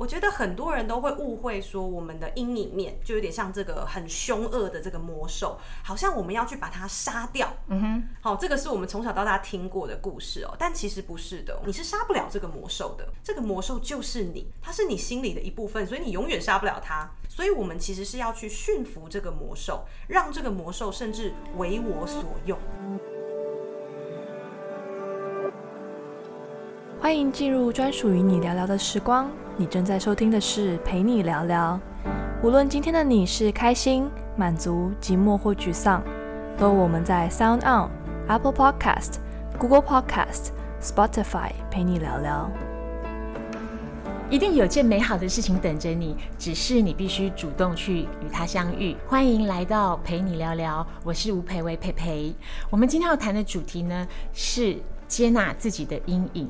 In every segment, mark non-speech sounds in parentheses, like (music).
我覺得很多人都會誤會，說我們的陰影面就有點像這個很兇惡的這個魔獸，好像我們要去把它殺掉。嗯哼，好，哦，這個是我們從小到大聽過的故事哦，但其實不是的哦，你是殺不了這個魔獸的。這個魔獸就是你，它是你心裡的一部分，所以你永遠殺不了它。所以我們其實是要去馴服這個魔獸，讓這個魔獸甚至為我所用。歡迎進入專屬於蓓你聊聊的時光。你正在收聽的是蓓你聊聊。無論今天的你是開心、滿足、寂寞或沮喪，都我們在 Sound On、Apple Podcast、Google Podcast、Spotify 蓓你聊聊。一定有件美好的事情等着你，只是你必須主動去與它相遇。歡迎來到蓓你聊聊，我是吳蓓葳，蓓蓓。我們今天要談的主題呢，是接納自己的陰影。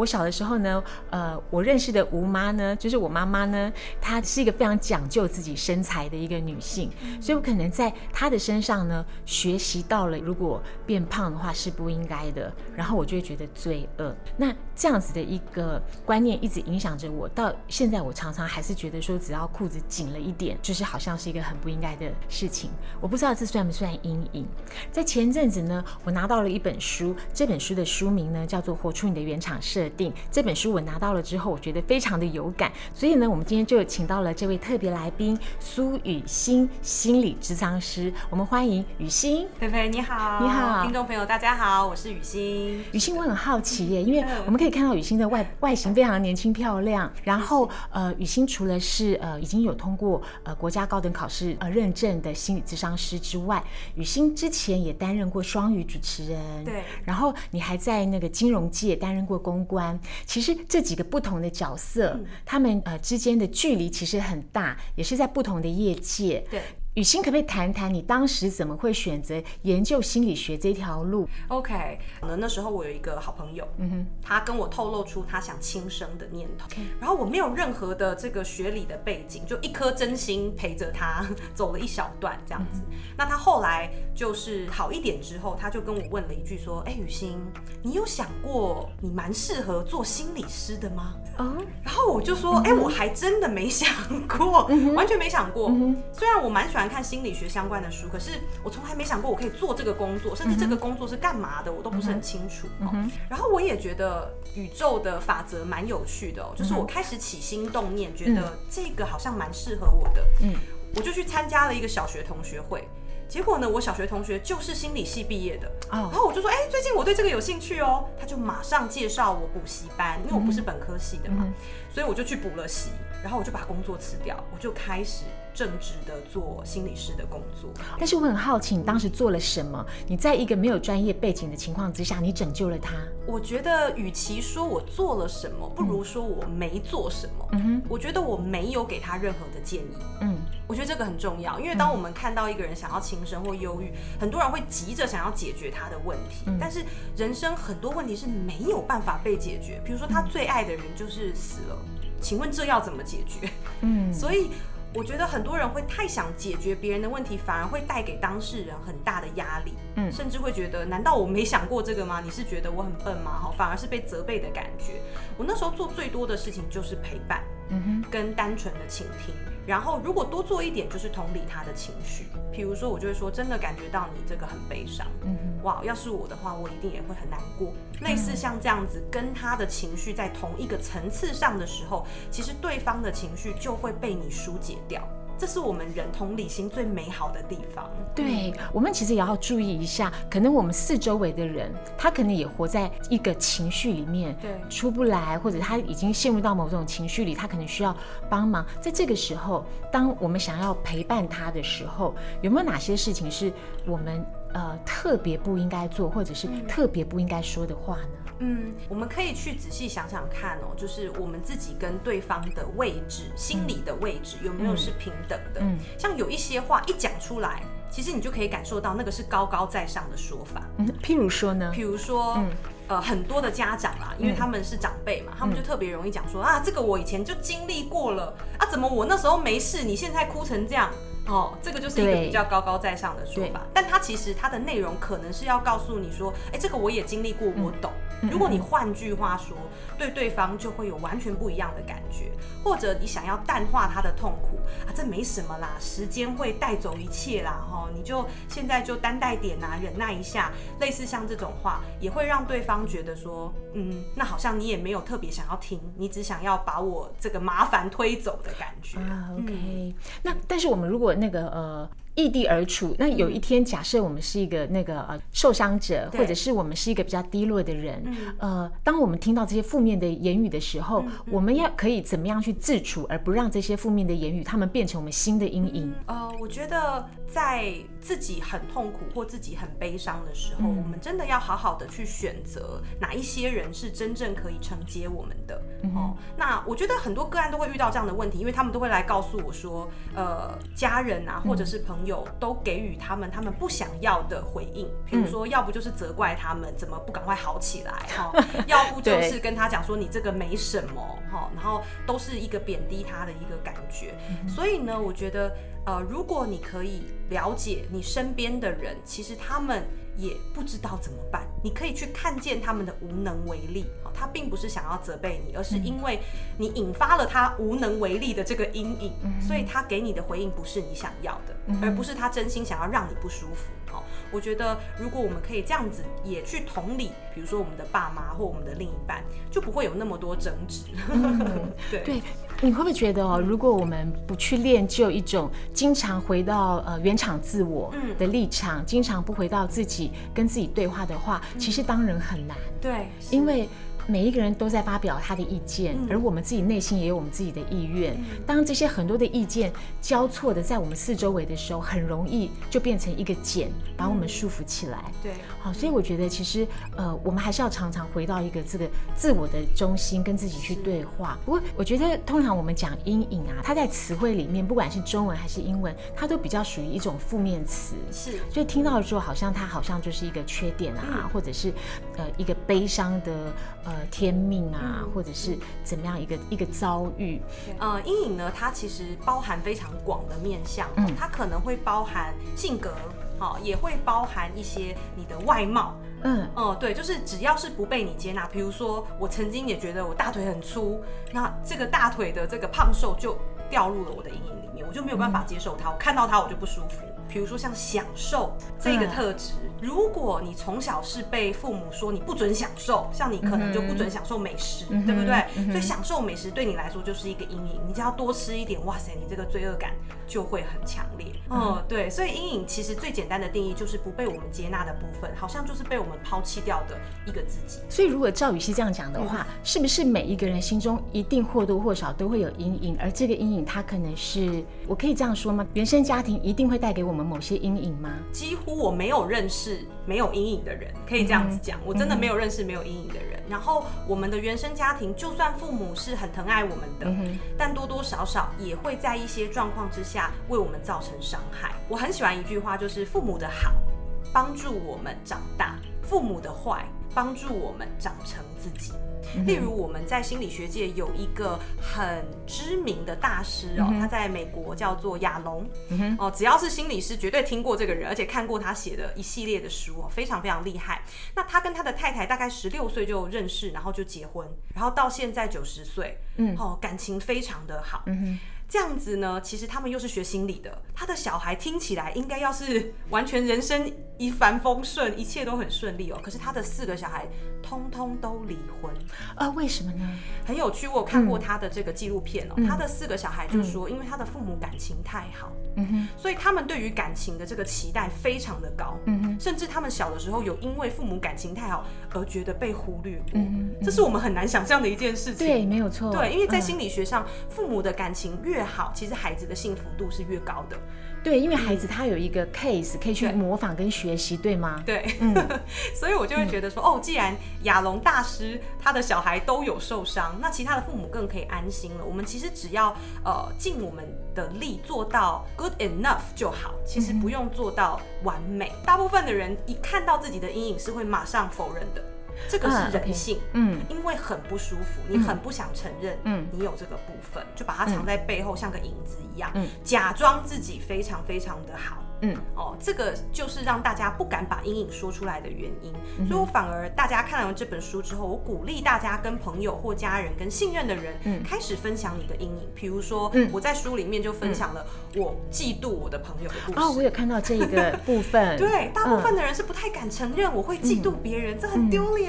我小的時候呢，呃，我認識的吳媽呢，就是我媽媽呢，她是一個非常講究自己身材的一個女性，所以我可能在她的身上呢，學習到了如果變胖的話是不應該的，然後我就會覺得罪惡。那這樣子的一個觀念一直影響着我，到現在我常常還是覺得說，只要褲子緊了一點，就是好像是一個很不應該的事情。我不知道這算不算陰影。在前陣子呢，我拿到了一本書，這本書的書名呢，叫做《活出你的原廠設定》。定，這本書我拿到了之後，我覺得非常的有感，所以呢，我們今天就請到了這位特別來賓蘇予昕，心理諮商師。我們歡迎予昕。菲菲你好。你好，聽眾朋友大家好，我是予昕。予昕我很好奇耶，因為我們可以看到予昕的外外形非常年輕漂亮。然後呃，予昕除了是呃已經有通過呃國家高等考試呃認證的心理諮商師之外，予昕之前也擔任過雙語主持人。對。然後你還在那個金融界擔任過公其實這幾個不同的角色，嗯、他們呃之間的距離其實很大，也是在不同的業界。對。予昕，可不可以談談你當時怎麼會選擇研究心理學這條路？OK，那那時候我有一個好朋友，嗯哼，他跟我透露出他想輕生的念頭、嗯，然後我沒有任何的這個學理的背景，就一顆真心陪着他走了一小段這樣子、嗯。那他後來就是好一點之後，他就跟我問了一句說：“哎、欸，予昕，你有想過你蠻適合做心理師的嗎？”啊、哦，然後我就說：“哎、嗯欸，我還真的沒想過，完全沒想過。嗯嗯、雖然我蠻喜歡。”看心理學相關的書，可是我從來沒想過我可以做這個工作，甚至這個工作是幹嘛的，我都不是很清楚。Mm -hmm. 哦 mm -hmm. 然後我也覺得宇宙的法則蠻有趣的哦，mm -hmm. 就是我開始起心動念，覺得這個好像蠻適合我的。嗯、mm -hmm.，我就去參加了一個小學同學會，結果呢，我小學同學就是心理系畢業的。啊、oh.，然後我就說，哎、欸，最近我對這個有興趣哦，他就馬上介紹我補習班，因為我不是本科系的嘛，mm -hmm. 所以我就去補了習。然後我就把工作辭掉，我就開始正直的做心理師的工作。但是我很好奇，你當時做了什麼？你在一個沒有專業背景的情況之下，你拯救了他。我覺得，與其說我做了什麼，不如說我沒做什麼。嗯。我覺得我沒有給他任何的建議。嗯。我覺得這個很重要，因為當我們看到一個人想要輕生或憂鬱，很多人會急着想要解決他的問題。嗯。但是，人生很多問題是沒有辦法被解決。比如說，他最愛的人就是死了。請問這要怎麼解決？嗯，所以我覺得很多人會太想解決別人的問題，反而會帶給當事人很大的壓力。嗯，甚至會覺得，難道我沒想過這個嗎？你是覺得我很笨嗎？好，反而是被責備的感覺。我那時候做最多的事情就是陪伴，嗯哼，跟單純的傾聽。然後如果多做一點，就是同理他的情緒。譬如說，我就會說，真的感覺到你這個很悲傷。嗯哼。哇，要是我的話，我一定也會很難過。類似像這樣子，跟他的情緒在同一個層次上的時候，其實對方的情緒就會被你疏解掉。這是我們人同理心最美好的地方。對，我們其實也要注意一下，可能我們四周圍的人，他可能也活在一個情緒裡面，對，出不來，或者他已經陷入到某種情緒裡，他可能需要幫忙。在這個時候，當我們想要陪伴他的時候，有沒有哪些事情是我們？呃，特別不應該做，或者是特別不應該說的話呢？嗯，我們可以去仔細想想看哦，就是我們自己跟對方的位置，心理的位置有沒有是平等的？嗯嗯、像有一些話一講出來，其實你就可以感受到那個是高高在上的說法。嗯、譬如說呢？譬如說、嗯，呃，很多的家長啦、啊，因為他們是長輩嘛、嗯，他們就特別容易講說啊，這個我以前就經歷過了，啊，怎麼我那時候沒事，你現在哭成這樣？哦，這個就是一個比較高高在上的說法，但它其實它的內容可能是要告訴你說，哎、欸，這個我也經歷過，我懂。嗯如果你換句話說，對對方就會有完全不一樣的感覺，或者你想要淡化他的痛苦啊，這沒什麼啦，時間會帶走一切啦，吼，哦，你就現在就擔待點啊，忍耐一下，類似像這種話，也會讓對方覺得說，嗯，那好像你也沒有特別想要聽，你只想要把我這個麻煩推走的感覺啊。Uh, OK，嗯，那但是我們如果那個呃。易地而處。那有一天，假設我們是一個那個呃受傷者，或者是我們是一個比較低落的人，嗯、呃，當我們聽到這些負面的言語的時候、嗯嗯，我們要可以怎麼樣去自處，而不讓這些負面的言語他們變成我們新的陰影、嗯？呃，我覺得在自己很痛苦或自己很悲傷的時候、嗯，我們真的要好好的去選擇哪一些人是真正可以承接我們的。哦、嗯嗯嗯，那我覺得很多個案都會遇到這樣的問題，因為他們都會來告訴我說，呃，家人啊，或者是朋友、嗯。都有都給予他們他們不想要的回應，比如說、嗯、要不就是責怪他們怎麼不趕快好起來哈，喔、 (laughs) 要不就是跟他講說你這個沒什麼哈、喔，然後都是一個貶低他的一個感覺。嗯、所以呢，我覺得呃，如果你可以了解你身邊的人，其實他們，也不知道怎麼辦，你可以去看見他們的無能為力，他並不是想要責備你，而是因為你引發了他無能為力的這個陰影，所以他給你的回應不是你想要的，而不是他真心想要讓你不舒服。我覺得如果我們可以這樣子也去同理，比如說我們的爸媽或我們的另一半，就不會有那麼多爭執。 (laughs) 對。你會不會覺得哦，如果我們不去練就一種經常回到呃原廠自我的立場，嗯，經常不回到自己跟自己對話的話，嗯、其實當人很難。對，因為。每一個人都在發表他的意見，嗯、而我們自己內心也有我們自己的意願、嗯。當這些很多的意見交錯的在我們四周圍的時候，很容易就變成一個繭，把我們束縛起來、嗯。對，好，所以我覺得其實呃，我們還是要常常回到一個這個自我的中心，跟自己去對話。不過，我覺得通常我們講陰影啊，它在詞彙裡面，不管是中文還是英文，它都比較屬於一種負面詞。是，所以聽到的時候，好像它好像就是一個缺點啊，嗯、或者是呃一個悲傷的。呃，天命啊，或者是怎麼樣一個一個遭遇，呃，陰影呢？它其實包含非常廣的面向、嗯，它可能會包含性格、哦，也會包含一些你的外貌，嗯哦、呃、對，就是只要是不被你接納，比如說我曾經也覺得我大腿很粗，那這個大腿的這個胖瘦就掉入了我的陰影裡面，我就沒有辦法接受它。我看到它我就不舒服。比如說像享受這個特質，如果你從小是被父母說你不准享受，像你可能就不准享受美食，嗯、對不對、嗯？所以享受美食對你來說就是一個陰影。你只要多吃一點，哇塞，你這個罪惡感就會很強烈，嗯。嗯，對。所以陰影其實最簡單的定義就是不被我們接納的部分，好像就是被我們拋棄掉的一個自己。所以如果照予昕這樣講的話，是不是每一個人心中一定或多或少都會有陰影？而這個陰影。他可能是，我可以這樣說嗎？原生家庭一定會帶給我們某些陰影嗎？幾乎我沒有認識沒有陰影的人，可以這樣子講，mm -hmm. 我真的沒有認識沒有陰影的人。Mm -hmm. 然後我們的原生家庭，就算父母是很疼愛我們的，mm -hmm. 但多多少少也會在一些狀況之下為我們造成傷害。我很喜歡一句話，就是父母的好幫助我們長大，父母的壞幫助我們長成自己。例如，我們在心理學界有一個很知名的大師哦、喔嗯，他在美國叫做亞隆。哦、嗯，只要是心理師，絕對聽過這個人，而且看過他寫的一系列的書，非常非常厲害。那他跟他的太太大概十六歲就認識，然後就結婚，然後到現在九十歲，嗯，哦、喔，感情非常的好。嗯這樣子呢，其實他們又是學心理的，他的小孩聽起來應該要是完全人生一帆風順，一切都很順利哦、喔。可是他的四個小孩通通都離婚啊，為什麼呢？很有趣，我看過他的這個紀錄片哦、喔嗯。他的四個小孩就說、嗯，因為他的父母感情太好，嗯哼，所以他們對於感情的這個期待非常的高，嗯哼，甚至他們小的時候有因為父母感情太好而覺得被忽略過，嗯，這是我們很難想象的一件事情。對，沒有錯。對，因為在心理學上，呃、父母的感情越越好，其實孩子的幸福度是越高的。對，因為孩子他有一個 case 可以去模仿跟學習，對嗎？對，嗯、 (laughs) 所以我就會覺得說，哦，既然亞隆大師他的小孩都有受傷，那其他的父母更可以安心了。我們其實只要呃盡我們的力做到 good enough 就好，其實不用做到完美。嗯、大部分的人一看到自己的陰影是會馬上否認的。這個是人性，嗯，因為很不舒服，嗯，你很不想承認，嗯，你有這個部分，嗯，就把它藏在背後，像個影子一樣，嗯，假裝自己非常非常的好。嗯哦，這個就是讓大家不敢把陰影說出來的原因，所以我反而大家看完這本書之後，我鼓勵大家跟朋友或家人、跟信任的人，嗯，開始分享你的陰影。比如說，我在書裡面就分享了我嫉妒我的朋友的故事。哦，我有看到這一個部分。對，大部分的人是不太敢承認我會嫉妒別人，這很丟臉。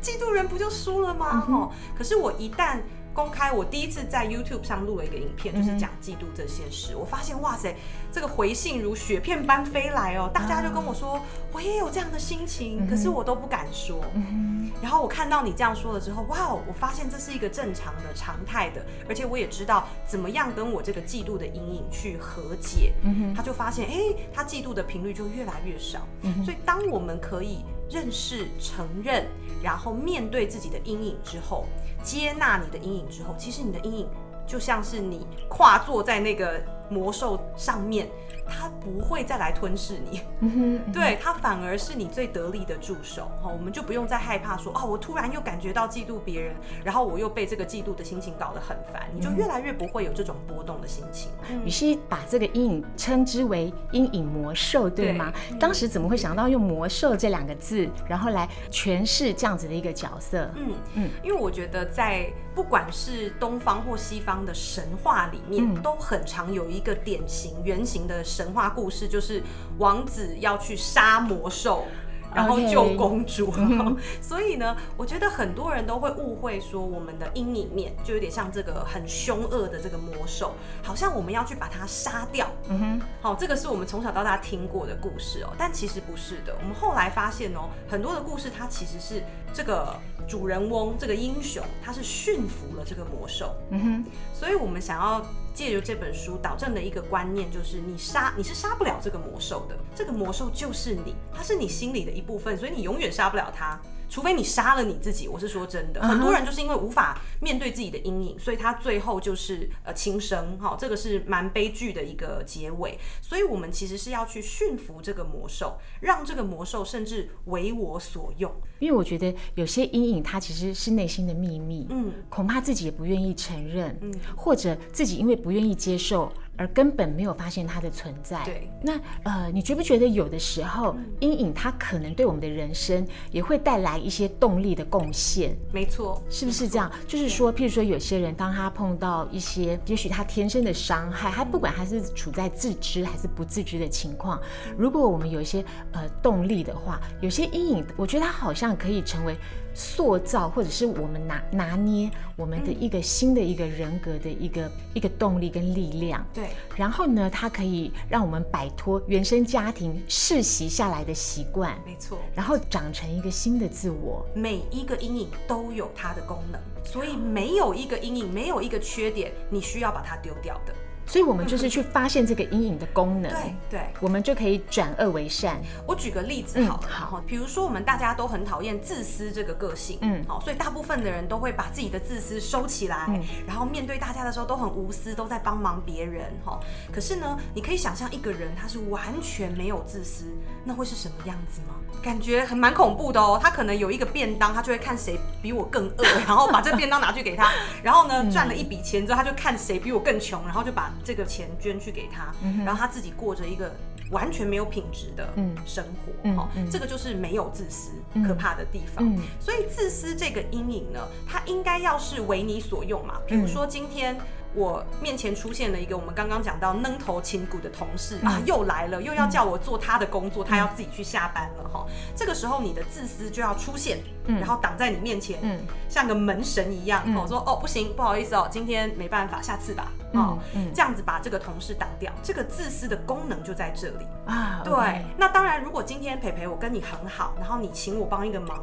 嫉妒人不就輸了嗎？哦，可是我一旦公開，我第一次在 YouTube 上錄了一個影片，就是講嫉妒這些事，嗯。我發現，哇塞，這個回信，如雪片般飛來哦，大家就跟我說，嗯，我也有這樣的心情，可是我都不敢說。嗯，然後我看到你這樣說了之後，哇，我發現這是一個正常的常態的，而且我也知道怎麼樣跟我這個嫉妒的陰影去和解，嗯。他就發現，哎，欸，他嫉妒的頻率就越來越少。嗯，所以，當我們可以。認識、承認，然後面對自己的陰影之後，接納你的陰影之後，其實你的陰影就像是你跨坐在那個。魔獸上面，它不會再來吞噬你，嗯、哼，對，它反而是你最得力的助手哈、嗯，我們就不用再害怕說哦，我突然又感覺到嫉妒別人，然後我又被這個嫉妒的心情搞得很煩、嗯，你就越來越不會有這種波動的心情。你、嗯、是把這個陰影稱之為陰影魔獸，對嗎？對、嗯。當時怎麼會想到用魔獸這兩個字，然後來詮釋這樣子的一個角色？嗯嗯，因為我覺得在不管是東方或西方的神話裡面，嗯、都很常有一。一個典型原型的神話故事就是王子要去殺魔獸，然後救公主。Okay. 所以呢，我覺得很多人都會誤會說我們的陰影面就有點像這個很凶惡的這個魔獸，好像我們要去把它殺掉。嗯哼，好，這個是我們從小到大聽過的故事哦，但其實不是的。我們後來發現哦，很多的故事它其實是這個主人翁這個英雄他是馴服了這個魔獸。嗯哼，所以我們想要。借由這本書導正的一個觀念，就是你殺，你是殺不了這個魔獸的。這個魔獸就是你，它是你心裡的一部分，所以你永遠殺不了它。除非你殺了你自己，我是說真的，很多人就是因為無法面對自己的陰影，Uh-huh. 所以他最後就是呃輕生哈，哦，這個是蠻悲劇的一個結尾。所以，我們其實是要去馴服這個魔獸，讓這個魔獸甚至為我所用。因為我覺得有些陰影，它其實是內心的秘密，嗯，恐怕自己也不願意承認，嗯，或者自己因為不願意接受，而根本沒有發現它的存在。對，那呃，你覺不覺得有的時候、嗯、陰影它可能對我們的人生也會帶來一些動力的貢獻？沒錯，是不是這樣？就是說，嗯、譬如說，有些人當他碰到一些，也許他天生的傷害、嗯，他不管他是處在自知還是不自知的情況，如果我們有一些呃動力的話，有些陰影，我覺得它好像可以成為塑造，或者是我們拿拿捏我們的一個、嗯、新的一個人格的一個一個動力跟力量。對。然後呢，它可以讓我們擺脫原生家庭世襲下來的習慣，沒錯。然後長成一個新的自我。每一個陰影都有它的功能，所以沒有一個陰影，沒有一個缺點，你需要把它丟掉的。所以，我們就是去發現這個陰影的功能， (laughs) 對，對，我們就可以轉惡為善。我舉個例子好了，嗯、好，比如說我們大家都很討厭自私這個個性，嗯，好、哦，所以大部分的人都會把自己的自私收起來，嗯、然後面對大家的時候都很無私，都在幫忙別人，哈、哦。可是呢，你可以想象一個人他是完全沒有自私，那會是什麼樣子嗎？感覺還蠻恐怖的哦。他可能有一個便當，他就會看誰比我更餓， (laughs) 然後把這便當拿去給他，然後呢賺、嗯、了一筆錢之後，他就看誰比我更窮，然後就把。這個錢捐去給他，嗯，然後他自己過着一個完全沒有品質的生活，嗯嗯嗯，這個就是沒有自私可怕的地方。嗯嗯，所以，自私這個陰影呢，它應該要是為你所用嘛。比如說今天。嗯嗯我面前出現了一個我們剛剛講到愣頭青骨的同事啊，又來了，又要叫我做他的工作，嗯、他要自己去下班了哈。這個時候你的自私就要出現，然後擋在你面前、嗯，像個門神一樣，我說哦不行，不好意思哦，今天沒辦法，下次吧，哦，這樣子把這個同事擋掉，這個自私的功能就在這裡啊。對，okay. 那當然，如果今天蓓蓓我跟你很好，然後你請我幫一個忙。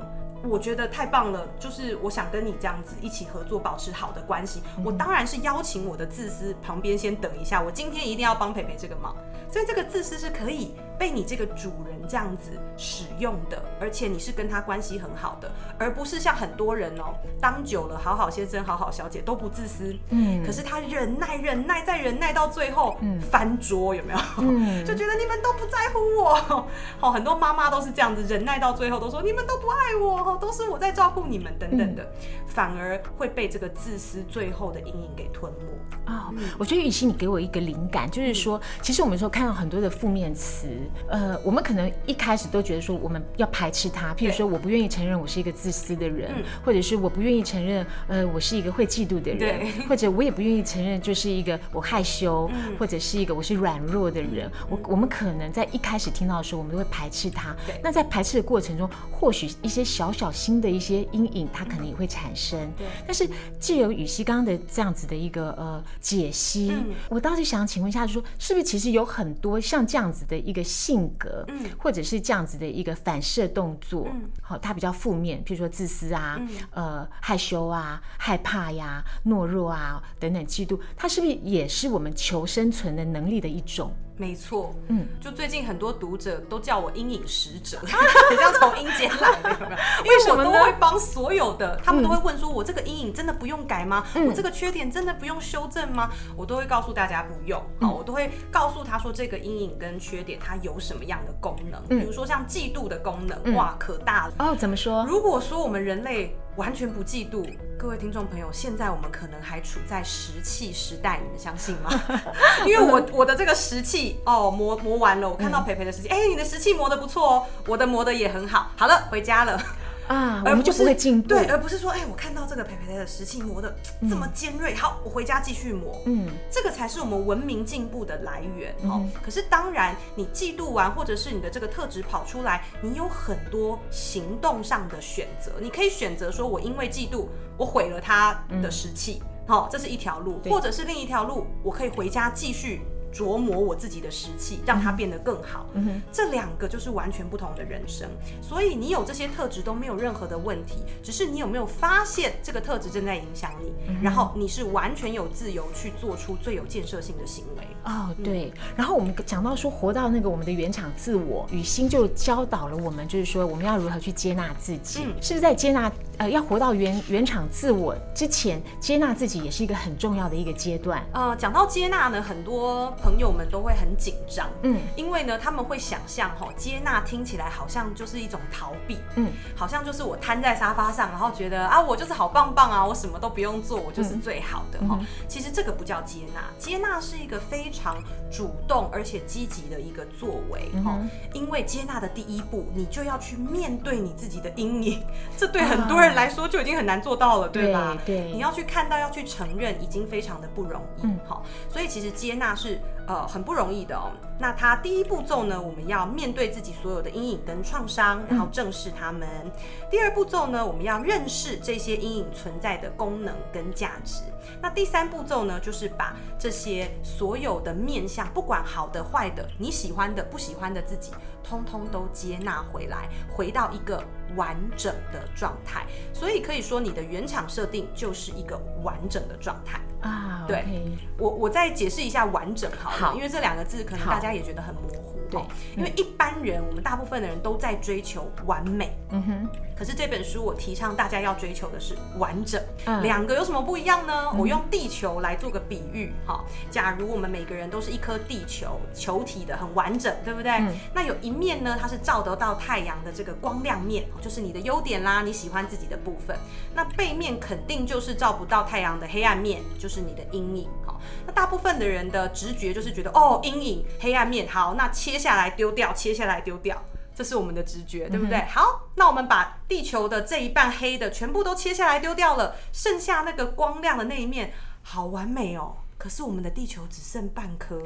我覺得太棒了，就是我想跟你這樣子一起合作，保持好的關係。我當然是邀請我的自私旁邊先等一下，我今天一定要幫蓓蓓這個忙，所以這個自私是可以被你這個主人這樣子使用的，而且你是跟他關係很好的，而不是像很多人哦、喔，當久了好好先生、好好小姐都不自私，嗯，可是他忍耐、忍耐再忍耐到最後，嗯，翻桌有沒有？嗯，就覺得你們都不在乎我，好，很多媽媽都是這樣子忍耐到最後，都說你們都不愛我，都是我在照顧你們等等的、嗯，反而會被這個自私最後的陰影給吞沒啊、哦。我覺得予昕，你給我一個靈感，就是說、嗯，其實我們說看到很多的負面詞。呃，我們可能一開始都覺得說我們要排斥他，譬如說我不願意承認我是一個自私的人，嗯、或者是我不願意承認呃我是一個會嫉妒的人，嗯、或者我也不願意承認就是一個我害羞、嗯、或者是一個我是軟弱的人。嗯、我我們可能在一開始聽到的時候，我們都會排斥他、嗯。那在排斥的過程中，或許一些小小心的一些陰影，它可能也會產生。對、嗯。但是，借由予昕剛的這樣子的一個呃解析，嗯、我倒是想請問一下就是，就說是不是其實有很多像這樣子的一個。性格，或者是這樣子的一個反射動作，好、嗯，它比較負面，比如說自私啊、嗯，呃，害羞啊，害怕呀，懦弱啊，等等，嫉妒，它是不是也是我們求生存的能力的一種？沒錯，嗯，就最近很多讀者都叫我陰影使者，好像從陰間來的，因為我都會幫所有的，他們都會問說：“我這個陰影真的不用改嗎、嗯？我這個缺點真的不用修正嗎？”我都會告訴大家不用啊，我都會告訴他說：“這個陰影跟缺點它有什麼樣的功能？比如說像嫉妒的功能，哇，可大了哦。怎麼說？如果說我們人類……完全不嫉妒，各位聽眾朋友，現在我們可能還處在石器時代，你們相信嗎？ (laughs) 因為我我的這個石器哦，磨磨完了，我看到蓓蓓的石器，哎、嗯欸，你的石器磨得不錯哦，我的磨得也很好，好了，回家了。啊，我們就不會進步，而不是，對，而不是說，哎、欸，我看到這個陪陪的石器磨得這麼尖銳、嗯，好，我回家繼續磨，嗯，這個才是我們文明進步的來源哦、嗯，可是當然，你嫉妒完，或者是你的這個特質跑出來，你有很多行動上的選擇，你可以選擇說我因為嫉妒，我毀了他的石器，好、嗯哦，這是一條路，或者是另一條路，我可以回家繼續。琢磨我自己的實氣，讓它變得更好、嗯嗯。這兩個就是完全不同的人生，所以你有這些特質都沒有任何的問題，只是你有沒有發現這個特質正在影響你？嗯、然後你是完全有自由去做出最有建設性的行為。哦，對。嗯、然後我們講到說活到那個我們的原廠自我，予昕就教導了我們，就是說我們要如何去接納自己，嗯、是不是在接納？呃，要活到原原廠自我之前，接納自己也是一個很重要的一個階段。呃，講到接納呢，很多朋友們都會很緊張，嗯，因為呢，他們會想象吼、哦、接納聽起來好像就是一種逃避，嗯，好像就是我癱在沙發上，然後覺得啊，我就是好棒棒啊，我什麼都不用做，我就是最好的哈、哦嗯。其實這個不叫接納，接納是一個非常主動而且積極的一個作為哈、嗯，因為接納的第一步，你就要去面對你自己的陰影，這對很多人、啊。來說就已經很難做到了對，對吧？對，你要去看到，要去承認，已經非常的不容易。好、嗯哦，所以其實接納是呃很不容易的、哦。那它第一步驟呢，我們要面對自己所有的陰影跟創傷，然後正視它們、嗯。第二步驟呢，我們要認識這些陰影存在的功能跟價值。那第三步驟呢，就是把這些所有的面向，不管好的壞的，你喜歡的不喜歡的，自己通通都接納回來，回到一個。完整的狀態，所以可以說你的原廠設定就是一個完整的狀態啊。Oh, okay. 對，我我再解釋一下完整好了，好，因為這兩個字可能大家也覺得很模糊，對。因為一般人，我們大部分的人都在追求完美，嗯哼。可是這本書我提倡大家要追求的是完整，兩、嗯、個有什麼不一樣呢？我用地球來做個比喻，哈，假如我們每個人都是一顆地球球體的，很完整，對不對、嗯？那有一面呢，它是照得到太陽的這個光亮面。就是你的優點啦，你喜歡自己的部分。那背面肯定就是照不到太陽的黑暗面，就是你的陰影。好，那大部分的人的直覺就是覺得，哦，陰影、黑暗面，好，那切下來丟掉，切下來丟掉，這是我們的直覺，對不對？嗯。好，那我們把地球的這一半黑的全部都切下來丟掉了，剩下那個光亮的那一面，好完美哦。可是我們的地球只剩半顆，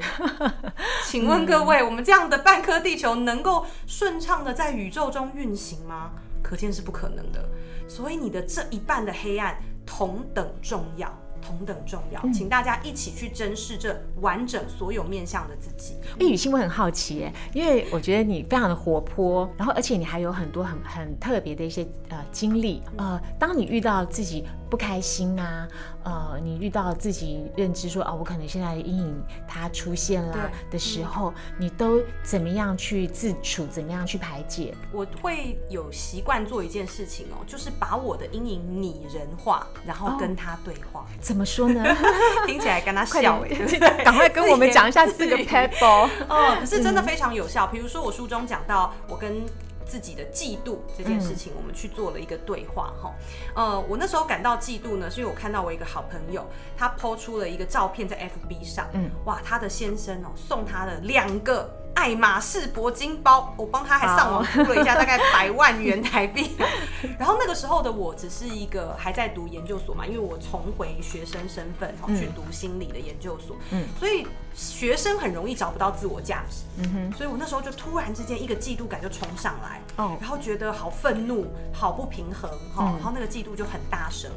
(laughs) 請問各位，嗯，我們這樣的半顆地球能夠順暢的在宇宙中運行嗎？可見是不可能的，所以你的這一半的黑暗同等重要，同等重要、嗯，請大家一起去珍視這完整所有面向的自己。欸，予昕，我很好奇、欸，哎，因為我覺得你非常的活潑，然後而且你還有很多很很特別的一些呃經歷，呃，當你遇到自己。不開心啊，呃，你遇到自己認知說啊、哦，我可能現在的陰影它出現啦的時候、嗯，你都怎麼樣去自處，怎麼樣去排解？我會有習慣做一件事情哦，就是把我的陰影擬人化，然後跟他對話。哦、怎麼說呢？ (laughs) 聽起來跟他笑、欸，趕 (laughs) 快，快跟我們講一下四個撇步哦。可是真的非常有效。嗯、比如說我書中講到，我跟自己的嫉妒這件事情，我們去做了一個對話哈、嗯。呃，我那時候感到嫉妒呢，是因為我看到我一個好朋友，他 PO 出了一個照片在 FB 上，嗯，哇，他的先生哦送他的兩個。愛馬仕鉑金包，我幫他還上網估了一下， (laughs) 大概百萬元台幣。然後那個時候的我，只是一個還在讀研究所嘛，因為我重回學生身份，嗯、去讀心理的研究所、嗯，所以學生很容易找不到自我價值、嗯哼，所以我那時候就突然之間一個嫉妒感就衝上來，哦、然後覺得好憤怒，好不平衡，哦嗯、然後那個嫉妒就很大聲。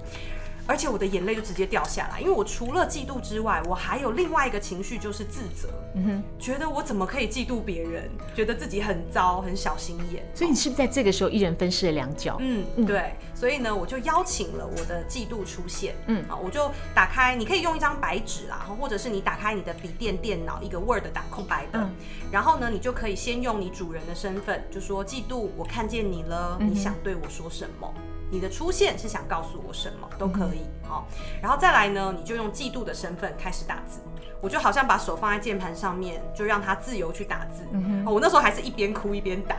而且我的眼淚就直接掉下來，因為我除了嫉妒之外，我還有另外一個情緒就是自責，嗯哼，覺得我怎麼可以嫉妒別人，覺得自己很糟，很小心眼。所以你是不是在這個時候一人分飾兩角？嗯，對。所以呢，我就邀請了我的嫉妒出現。嗯，好，我就打開，你可以用一張白紙啦，或者是你打開你的筆電電腦，一個 Word 檔，空白的，嗯。然後呢，你就可以先用你主人的身份，就說嫉妒，我看見你了，嗯，你想對我說什麼？你的出現是想告訴我什麼都可以，好，然後再來呢？你就用嫉妒的身份開始打字，我就好像把手放在鍵盤上面，就讓他自由去打字。我那時候還是一邊哭一邊打。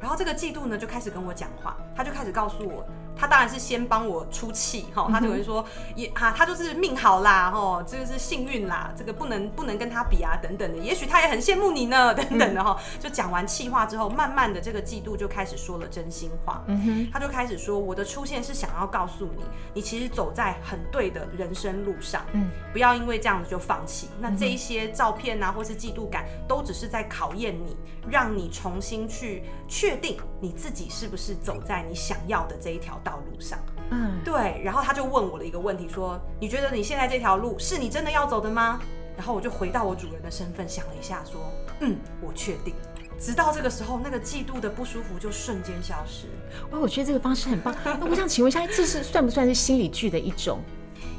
然後這個嫉妒呢，就開始跟我講話，他就開始告訴我。他當然是先幫我出氣哈，他就會說也哈、嗯啊，他就是命好啦哈，這個是幸運啦，這個不能不能跟他比啊等等的，也許他也很羨慕你呢等等的哈、嗯，就講完氣話之後，慢慢的這個嫉妒就開始說了真心話。嗯哼，他就開始說我的出現是想要告訴你，你其實走在很對的人生路上，嗯，不要因為這樣子就放棄，嗯，那這一些照片啊或是嫉妒感都只是在考驗你，讓你重新去確定。你自己是不是走在你想要的這一條道路上？嗯，對。然後他就問我了一個問題，說：“你覺得你現在這條路是你真的要走的嗎？”然後我就回到我主人的身份想了一下，說：“嗯，我確定。”直到這個時候，那個嫉妒的不舒服就瞬間消失。哇，我覺得這個方式很棒。那我想請問一下，這是算不算是心理劇的一種？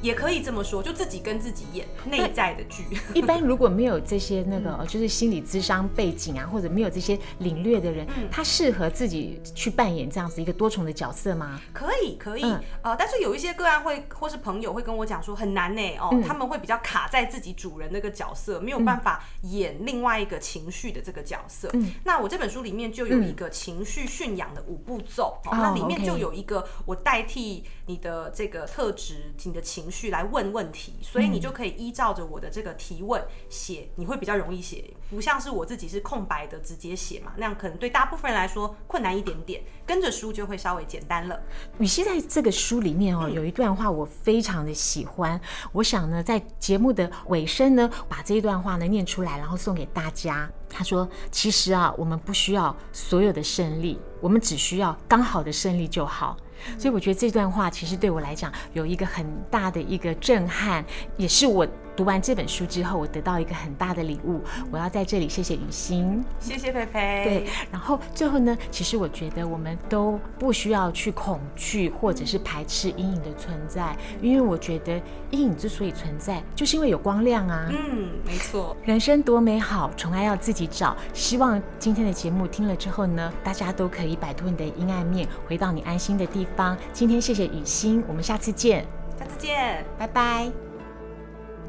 也可以這麼說，就自己跟自己演內在的劇。一般如果沒有這些那個，嗯、就是心理諮商背景啊，或者沒有這些領略的人，嗯、他適合自己去扮演這樣子一個多重的角色嗎？可以，可以。嗯、呃，但是有一些個案會，或是朋友會跟我講說很難呢、欸。哦、嗯，他們會比較卡在自己主人那個角色，沒有辦法演另外一個情緒的這個角色、嗯。那我這本書裡面就有一個情緒馴養的五步驟，那、嗯哦哦、裡面就有一個、okay. 我代替你的這個特質，你的情。程序來問問題，所以你就可以依照着我的這個提問寫、嗯，你會比較容易寫，不像是我自己是空白的直接寫嘛，那樣可能對大部分人來說困難一點點，跟着書就會稍微簡單了。予昕在這個書裡面哦，有一段話我非常的喜歡，嗯、我想呢在節目的尾聲呢，把這一段話呢念出來，然後送給大家。他說：“其實啊，我們不需要所有的勝利，我們只需要剛好的勝利就好。”所以我覺得這段話其實對我來講有一個很大的一個震撼，也是我。讀完這本書之後，我得到一個很大的禮物。我要在這裡謝謝予昕，謝謝蓓蓓。對，然後最後呢，其實我覺得我們都不需要去恐懼或者是排斥陰影的存在，因為我覺得陰影之所以存在，就是因為有光亮啊。嗯，沒錯。人生多美好，寵愛要自己找。希望今天的節目聽了之後呢，大家都可以擺脫你的陰暗面，回到你安心的地方。今天謝謝予昕，我們下次見。下次見，拜拜。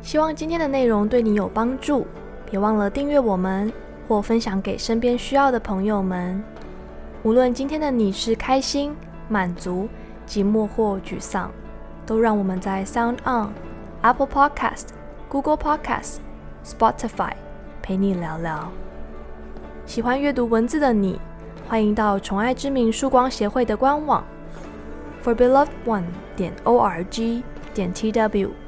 希望今天的內容對你有幫助，別忘了訂閱我們或分享給身邊需要的朋友們。無論今天的你是開心、滿足、寂寞或沮喪，都讓我們在 Sound On、Apple Podcast、Google Podcast、Spotify 陪你聊聊。喜歡閱讀文字的你，歡迎到“寵愛之名”曙光協會的官網 For Beloved One 點 O R G 點 T W。